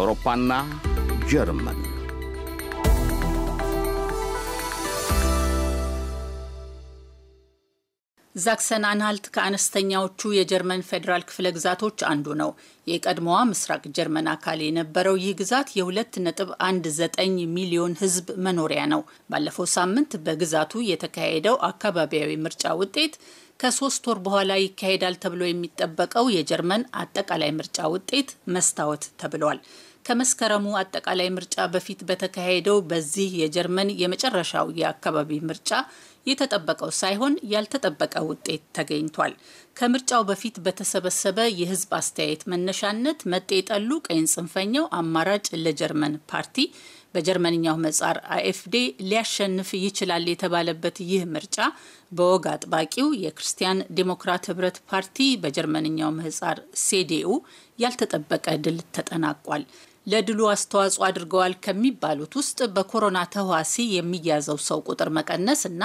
አውሮፓና ጀርመን ዛክሰን አንሃልት ከአነስተኛዎቹ የጀርመን ፌዴራል ክፍለ ግዛቶች አንዱ ነው። የቀድሞዋ ምስራቅ ጀርመን አካል የነበረው ይህ ግዛት የ2.19 ሚሊዮን ሕዝብ መኖሪያ ነው። ባለፈው ሳምንት በግዛቱ የተካሄደው አካባቢያዊ ምርጫ ውጤት ከሶስት ወር በኋላ ይካሄዳል ተብሎ የሚጠበቀው የጀርመን አጠቃላይ ምርጫ ውጤት መስታወት ተብሏል። ከመስከረሙ አጠቃላይ ምርጫ በፊት በተካሄደው በዚህ የጀርመን የመጨረሻው የአካባቢ ምርጫ የተጠበቀው ሳይሆን ያልተጠበቀ ውጤት ተገኝቷል። ከምርጫው በፊት በተሰበሰበ የህዝብ አስተያየት መነሻነት መጤ ቀይን ቀኝ ጽንፈኛው አማራጭ ለጀርመን ፓርቲ በጀርመንኛው መጻር አኤፍዴ ሊያሸንፍ ይችላል የተባለበት ይህ ምርጫ በወግ አጥባቂው የክርስቲያን ዴሞክራት ህብረት ፓርቲ በጀርመንኛው መጻር ሴዴኡ ያልተጠበቀ ድል ተጠናቋል። ለድሉ አስተዋጽኦ አድርገዋል ከሚባሉት ውስጥ በኮሮና ተህዋሲ የሚያዘው ሰው ቁጥር መቀነስ እና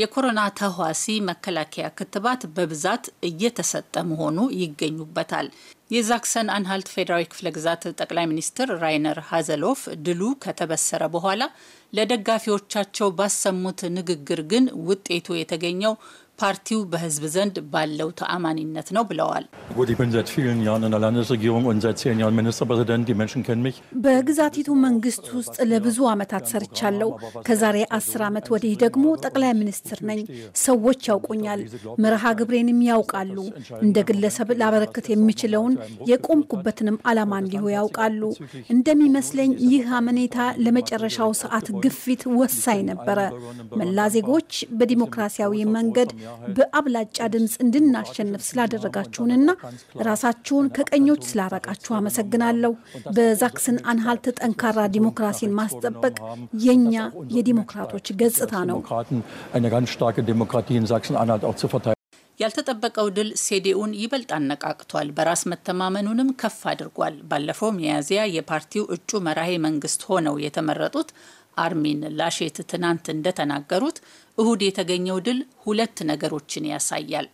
የኮሮና ተህዋሲ መከላከያ ክትባት በብዛት እየተሰጠ መሆኑ ይገኙበታል። የዛክሰን አንሃልት ፌዴራዊ ክፍለ ግዛት ጠቅላይ ሚኒስትር ራይነር ሀዘሎፍ ድሉ ከተበሰረ በኋላ ለደጋፊዎቻቸው ባሰሙት ንግግር ግን ውጤቱ የተገኘው ፓርቲው በህዝብ ዘንድ ባለው ተአማኒነት ነው ብለዋል። በግዛቲቱ መንግስት ውስጥ ለብዙ ዓመታት ሰርቻለሁ። ከዛሬ አስር ዓመት ወዲህ ደግሞ ጠቅላይ ሚኒስትር ነኝ። ሰዎች ያውቁኛል፣ መርሃ ግብሬንም ያውቃሉ። እንደ ግለሰብ ላበረክት የሚችለውን የቆምኩበትንም ዓላማ እንዲሁ ያውቃሉ። እንደሚመስለኝ ይህ አመኔታ ለመጨረሻው ሰዓት ግፊት ወሳኝ ነበረ። መላ ዜጎች በዲሞክራሲያዊ መንገድ በአብላጫ ድምፅ እንድናሸንፍ ስላደረጋችሁንና ራሳችሁን ከቀኞች ስላራቃችሁ አመሰግናለሁ። በዛክሰን አንሃልት ጠንካራ ዲሞክራሲን ማስጠበቅ የእኛ የዲሞክራቶች ገጽታ ነው። ያልተጠበቀው ድል ሴዲኡን ይበልጥ አነቃቅቷል። በራስ መተማመኑንም ከፍ አድርጓል። ባለፈው ሚያዝያ የፓርቲው እጩ መራሄ መንግስት ሆነው የተመረጡት አርሜን ላሼት ትናንት እንደተናገሩት እሁድ የተገኘው ድል ሁለት ነገሮችን ያሳያል።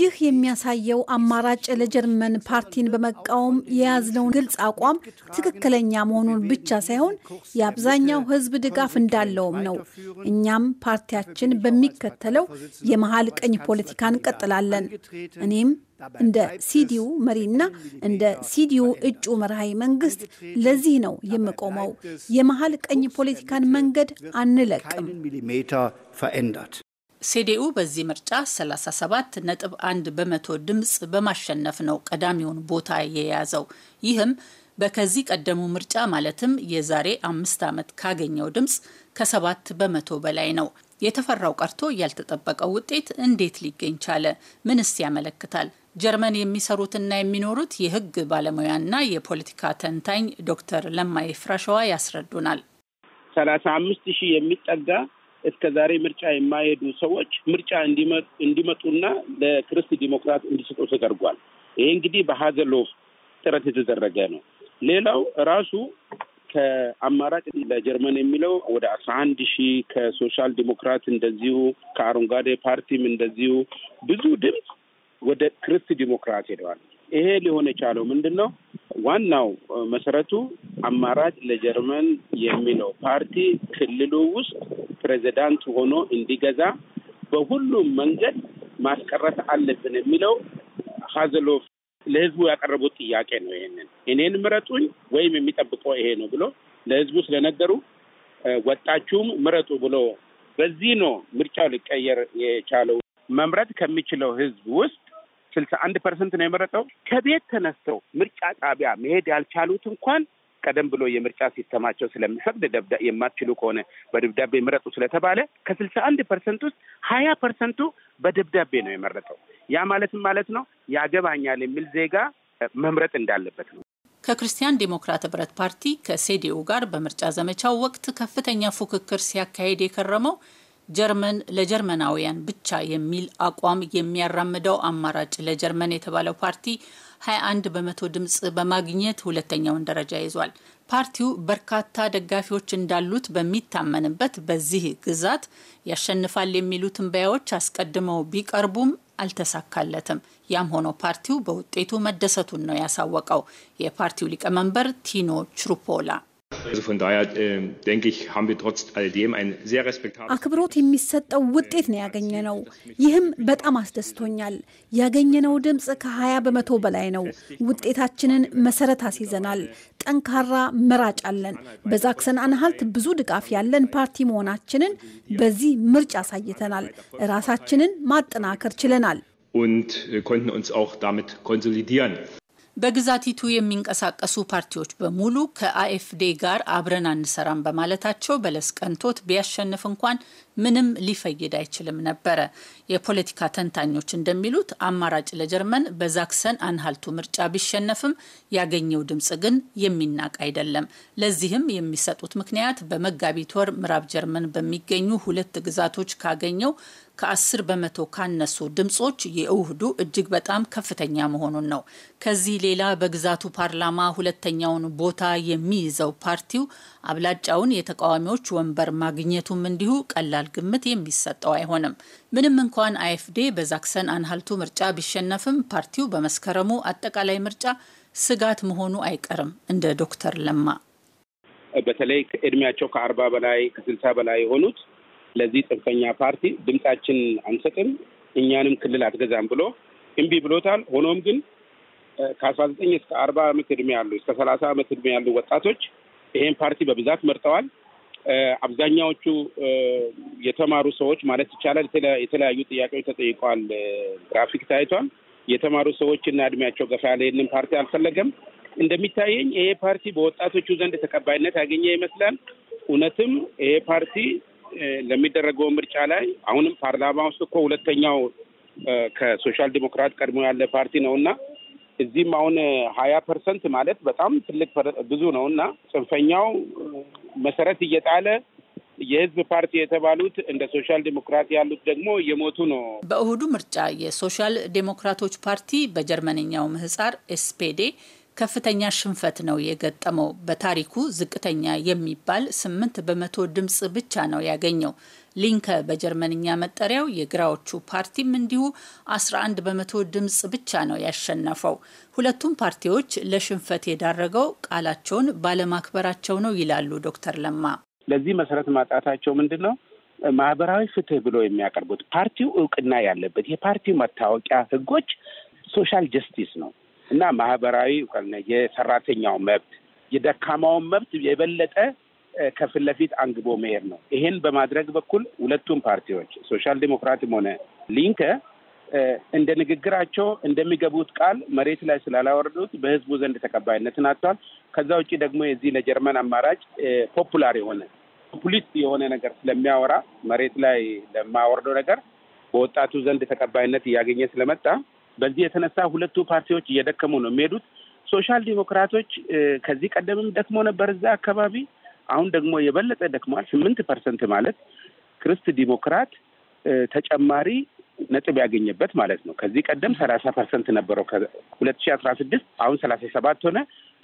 ይህ የሚያሳየው አማራጭ ለጀርመን ፓርቲን በመቃወም የያዝነውን ግልጽ አቋም ትክክለኛ መሆኑን ብቻ ሳይሆን የአብዛኛው ሕዝብ ድጋፍ እንዳለውም ነው። እኛም ፓርቲያችን በሚከተለው የመሀል ቀኝ ፖለቲካ እንቀጥላለን። እኔም እንደ ሲዲዩ መሪና እንደ ሲዲዩ እጩ መርሃዊ መንግስት ለዚህ ነው የምቆመው። የመሀል ቀኝ ፖለቲካን መንገድ አንለቅም። ሲዲኡ በዚህ ምርጫ 37 ነጥብ 1 በመቶ ድምፅ በማሸነፍ ነው ቀዳሚውን ቦታ የያዘው። ይህም በከዚህ ቀደሙ ምርጫ ማለትም የዛሬ አምስት ዓመት ካገኘው ድምፅ ከሰባት በመቶ በላይ ነው። የተፈራው ቀርቶ ያልተጠበቀው ውጤት እንዴት ሊገኝ ቻለ? ምንስ ያመለክታል? ጀርመን የሚሰሩትና የሚኖሩት የህግ ባለሙያና የፖለቲካ ተንታኝ ዶክተር ለማይ ፍራሸዋ ያስረዱናል። ሰላሳ አምስት ሺህ የሚጠጋ እስከ ዛሬ ምርጫ የማይሄዱ ሰዎች ምርጫ እንዲመጡና ለክርስት ዲሞክራት እንዲሰጡ ተደርጓል። ይሄ እንግዲህ በሀዘሎፍ ጥረት የተደረገ ነው። ሌላው ራሱ ከአማራጭ ለጀርመን የሚለው ወደ አስራ አንድ ሺህ ከሶሻል ዲሞክራት እንደዚሁ ከአረንጓዴ ፓርቲም እንደዚሁ ብዙ ድምፅ ወደ ክርስት ዲሞክራሲ ሄደዋል። ይሄ ሊሆን የቻለው ምንድን ነው? ዋናው መሰረቱ አማራጭ ለጀርመን የሚለው ፓርቲ ክልሉ ውስጥ ፕሬዚዳንት ሆኖ እንዲገዛ በሁሉም መንገድ ማስቀረት አለብን የሚለው ሀዘሎፍ ለህዝቡ ያቀረቡት ጥያቄ ነው። ይሄንን እኔን ምረጡኝ ወይም የሚጠብቀው ይሄ ነው ብሎ ለህዝቡ ስለነገሩ ወጣችሁም ምረጡ ብሎ በዚህ ነው ምርጫው ሊቀየር የቻለው መምረጥ ከሚችለው ህዝብ ውስጥ ስልሳ አንድ ፐርሰንት ነው የመረጠው። ከቤት ተነስተው ምርጫ ጣቢያ መሄድ ያልቻሉት እንኳን ቀደም ብሎ የምርጫ ሲስተማቸው ስለሚፈቅድ ደብዳ የማትችሉ ከሆነ በደብዳቤ ምረጡ ስለተባለ ከስልሳ አንድ ፐርሰንት ውስጥ ሀያ ፐርሰንቱ በደብዳቤ ነው የመረጠው። ያ ማለትም ማለት ነው ያገባኛል የሚል ዜጋ መምረጥ እንዳለበት ነው። ከክርስቲያን ዴሞክራት ህብረት ፓርቲ ከሴዲኡ ጋር በምርጫ ዘመቻው ወቅት ከፍተኛ ፉክክር ሲያካሄድ የከረመው ጀርመን ለጀርመናውያን ብቻ የሚል አቋም የሚያራምደው አማራጭ ለጀርመን የተባለው ፓርቲ 21 በመቶ ድምፅ በማግኘት ሁለተኛውን ደረጃ ይዟል። ፓርቲው በርካታ ደጋፊዎች እንዳሉት በሚታመንበት በዚህ ግዛት ያሸንፋል የሚሉ ትንበያዎች አስቀድመው ቢቀርቡም አልተሳካለትም። ያም ሆኖ ፓርቲው በውጤቱ መደሰቱን ነው ያሳወቀው የፓርቲው ሊቀመንበር ቲኖ ችሩፖላ Also von daher äh, denke ich, haben wir trotz ein sehr respektables አክብሮት የሚሰጠው ውጤት ነው ያገኘ ነው። ይህም በጣም አስደስቶኛል። ያገኘነው ድምፅ ከ በመቶ በላይ ነው። ውጤታችንን መሰረት አስይዘናል። ጠንካራ መራጭ አለን። በዛክሰን አንሃልት ብዙ ድጋፍ ያለን ፓርቲ መሆናችንን በዚህ ምርጫ አሳይተናል። ራሳችንን ማጠናከር ችለናል። und äh, konnten uns auch damit konsolidieren. በግዛቲቱ የሚንቀሳቀሱ ፓርቲዎች በሙሉ ከአኤፍዴ ጋር አብረን አንሰራም በማለታቸው በለስ ቀንቶት ቢያሸንፍ እንኳን ምንም ሊፈይድ አይችልም ነበረ። የፖለቲካ ተንታኞች እንደሚሉት አማራጭ ለጀርመን በዛክሰን አንሃልቱ ምርጫ ቢሸነፍም ያገኘው ድምፅ ግን የሚናቅ አይደለም። ለዚህም የሚሰጡት ምክንያት በመጋቢት ወር ምዕራብ ጀርመን በሚገኙ ሁለት ግዛቶች ካገኘው ከአስር በመቶ ካነሱ ድምጾች የውህዱ እጅግ በጣም ከፍተኛ መሆኑን ነው። ከዚህ ሌላ በግዛቱ ፓርላማ ሁለተኛውን ቦታ የሚይዘው ፓርቲው አብላጫውን የተቃዋሚዎች ወንበር ማግኘቱም እንዲሁ ቀላል ግምት የሚሰጠው አይሆንም። ምንም እንኳን አይኤፍዴ በዛክሰን አንሃልቱ ምርጫ ቢሸነፍም ፓርቲው በመስከረሙ አጠቃላይ ምርጫ ስጋት መሆኑ አይቀርም። እንደ ዶክተር ለማ በተለይ እድሜያቸው ከአርባ በላይ ከስልሳ በላይ የሆኑት ለዚህ ጽንፈኛ ፓርቲ ድምጻችን አንሰጥም፣ እኛንም ክልል አትገዛም ብሎ እምቢ ብሎታል። ሆኖም ግን ከአስራ ዘጠኝ እስከ አርባ ዓመት እድሜ ያሉ እስከ ሰላሳ ዓመት እድሜ ያሉ ወጣቶች ይሄን ፓርቲ በብዛት መርጠዋል። አብዛኛዎቹ የተማሩ ሰዎች ማለት ይቻላል የተለያዩ ጥያቄዎች ተጠይቀዋል። ግራፊክ ታይቷል። የተማሩ ሰዎች እና እድሜያቸው ገፋ ያለ ይህንን ፓርቲ አልፈለገም። እንደሚታየኝ ይሄ ፓርቲ በወጣቶቹ ዘንድ ተቀባይነት ያገኘ ይመስላል። እውነትም ይሄ ፓርቲ ለሚደረገው ምርጫ ላይ አሁንም ፓርላማ ውስጥ እኮ ሁለተኛው ከሶሻል ዲሞክራት ቀድሞ ያለ ፓርቲ ነው እና እዚህም አሁን ሀያ ፐርሰንት ማለት በጣም ትልቅ ብዙ ነው እና ጽንፈኛው መሰረት እየጣለ የህዝብ ፓርቲ የተባሉት እንደ ሶሻል ዲሞክራት ያሉት ደግሞ እየሞቱ ነው። በእሁዱ ምርጫ የሶሻል ዴሞክራቶች ፓርቲ በጀርመንኛው ምህጻር ኤስፔዴ ከፍተኛ ሽንፈት ነው የገጠመው። በታሪኩ ዝቅተኛ የሚባል ስምንት በመቶ ድምፅ ብቻ ነው ያገኘው። ሊንከ በጀርመንኛ መጠሪያው፣ የግራዎቹ ፓርቲም እንዲሁ 11 በመቶ ድምፅ ብቻ ነው ያሸነፈው። ሁለቱም ፓርቲዎች ለሽንፈት የዳረገው ቃላቸውን ባለማክበራቸው ነው ይላሉ ዶክተር ለማ። ለዚህ መሰረት ማጣታቸው ምንድን ነው? ማህበራዊ ፍትህ ብሎ የሚያቀርቡት ፓርቲው እውቅና ያለበት የፓርቲው መታወቂያ ህጎች ሶሻል ጀስቲስ ነው እና ማህበራዊ የሰራተኛው መብት የደካማውን መብት የበለጠ ከፊት ለፊት አንግቦ መሄድ ነው። ይሄን በማድረግ በኩል ሁለቱም ፓርቲዎች ሶሻል ዲሞክራትም ሆነ ሊንከ እንደ ንግግራቸው እንደሚገቡት ቃል መሬት ላይ ስላላወረዱት በህዝቡ ዘንድ ተቀባይነትን አጥቷል። ከዛ ውጭ ደግሞ የዚህ ለጀርመን አማራጭ ፖፑላር የሆነ ፖፑሊስት የሆነ ነገር ስለሚያወራ መሬት ላይ ለማወርደው ነገር በወጣቱ ዘንድ ተቀባይነት እያገኘ ስለመጣ በዚህ የተነሳ ሁለቱ ፓርቲዎች እየደከሙ ነው የሚሄዱት። ሶሻል ዲሞክራቶች ከዚህ ቀደምም ደክሞ ነበር እዛ አካባቢ፣ አሁን ደግሞ የበለጠ ደክሟል። ስምንት ፐርሰንት ማለት ክርስት ዲሞክራት ተጨማሪ ነጥብ ያገኘበት ማለት ነው። ከዚህ ቀደም ሰላሳ ፐርሰንት ነበረው ከሁለት ሺ አስራ ስድስት አሁን ሰላሳ ሰባት ሆነ።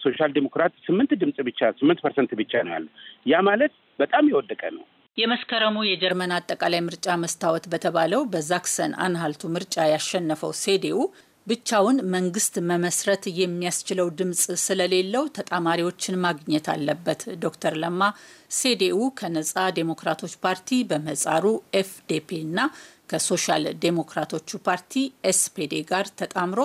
ሶሻል ዲሞክራት ስምንት ድምፅ ብቻ ስምንት ፐርሰንት ብቻ ነው ያለው። ያ ማለት በጣም የወደቀ ነው። የመስከረሙ የጀርመን አጠቃላይ ምርጫ መስታወት በተባለው በዛክሰን አንሃልቱ ምርጫ ያሸነፈው ሴዴው ብቻውን መንግስት መመስረት የሚያስችለው ድምፅ ስለሌለው ተጣማሪዎችን ማግኘት አለበት። ዶክተር ለማ ሴዴኡ ከነፃ ዴሞክራቶች ፓርቲ በመጻሩ ኤፍዴፒ እና ከሶሻል ዴሞክራቶቹ ፓርቲ ኤስፔዴ ጋር ተጣምሮ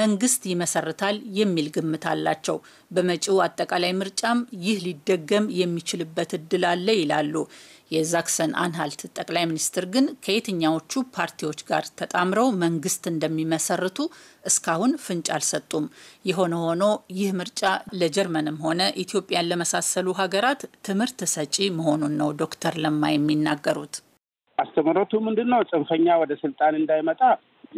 መንግስት ይመሰርታል የሚል ግምት አላቸው። በመጪው አጠቃላይ ምርጫም ይህ ሊደገም የሚችልበት እድል አለ ይላሉ። የዛክሰን አንሃልት ጠቅላይ ሚኒስትር ግን ከየትኛዎቹ ፓርቲዎች ጋር ተጣምረው መንግስት እንደሚመሰርቱ እስካሁን ፍንጭ አልሰጡም። የሆነ ሆኖ ይህ ምርጫ ለጀርመንም ሆነ ኢትዮጵያን ለመሳሰሉ ሀገራት ትምህርት ሰጪ መሆኑን ነው ዶክተር ለማ የሚናገሩት። አስተምሮቱ ምንድን ነው? ጽንፈኛ ወደ ስልጣን እንዳይመጣ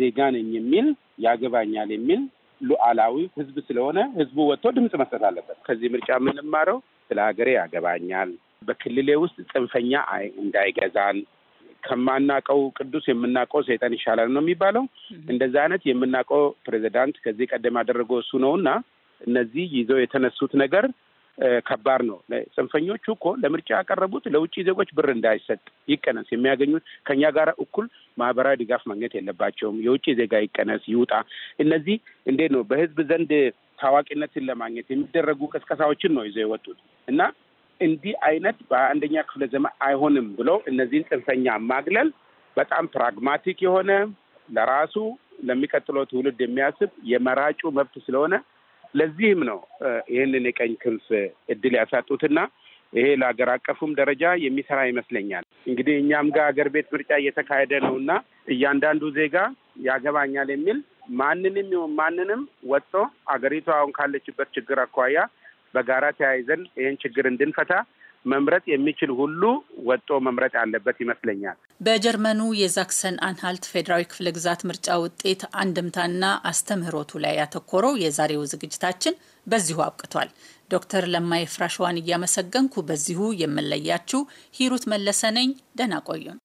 ዜጋ ነኝ የሚል ያገባኛል የሚል ሉዓላዊ ህዝብ ስለሆነ ህዝቡ ወጥቶ ድምፅ መስጠት አለበት። ከዚህ ምርጫ የምንማረው ስለ ሀገሬ ያገባኛል፣ በክልሌ ውስጥ ጽንፈኛ እንዳይገዛን፣ ከማናቀው ቅዱስ የምናውቀው ሰይጣን ይሻላል ነው የሚባለው። እንደዚህ አይነት የምናውቀው ፕሬዚዳንት ከዚህ ቀደም ያደረገው እሱ ነው እና እነዚህ ይዘው የተነሱት ነገር ከባድ ነው። ጽንፈኞቹ እኮ ለምርጫ ያቀረቡት ለውጭ ዜጎች ብር እንዳይሰጥ ይቀነስ፣ የሚያገኙት ከኛ ጋር እኩል ማህበራዊ ድጋፍ ማግኘት የለባቸውም፣ የውጭ ዜጋ ይቀነስ፣ ይውጣ። እነዚህ እንዴት ነው በህዝብ ዘንድ ታዋቂነትን ለማግኘት የሚደረጉ ቅስቀሳዎችን ነው ይዘው የወጡት እና እንዲህ አይነት በአንደኛ ክፍለ ዘመን አይሆንም ብለው እነዚህን ጽንፈኛ ማግለል በጣም ፕራግማቲክ የሆነ ለራሱ ለሚቀጥለው ትውልድ የሚያስብ የመራጩ መብት ስለሆነ ለዚህም ነው ይህንን የቀኝ ክንፍ እድል ያሳጡትና ይሄ ለሀገር አቀፉም ደረጃ የሚሰራ ይመስለኛል። እንግዲህ እኛም ጋር ሀገር ቤት ምርጫ እየተካሄደ ነው እና እያንዳንዱ ዜጋ ያገባኛል የሚል ማንንም ይሁን ማንንም ወጥቶ አገሪቷ አሁን ካለችበት ችግር አኳያ በጋራ ተያይዘን ይህን ችግር እንድንፈታ መምረጥ የሚችል ሁሉ ወጦ መምረጥ ያለበት ይመስለኛል። በጀርመኑ የዛክሰን አንሃልት ፌዴራዊ ክፍለ ግዛት ምርጫ ውጤት አንድምታና አስተምህሮቱ ላይ ያተኮረው የዛሬው ዝግጅታችን በዚሁ አብቅቷል። ዶክተር ለማይ ፍራሽዋን እያመሰገንኩ በዚሁ የምለያችሁ ሂሩት መለሰ ነኝ። ደህና ቆዩን።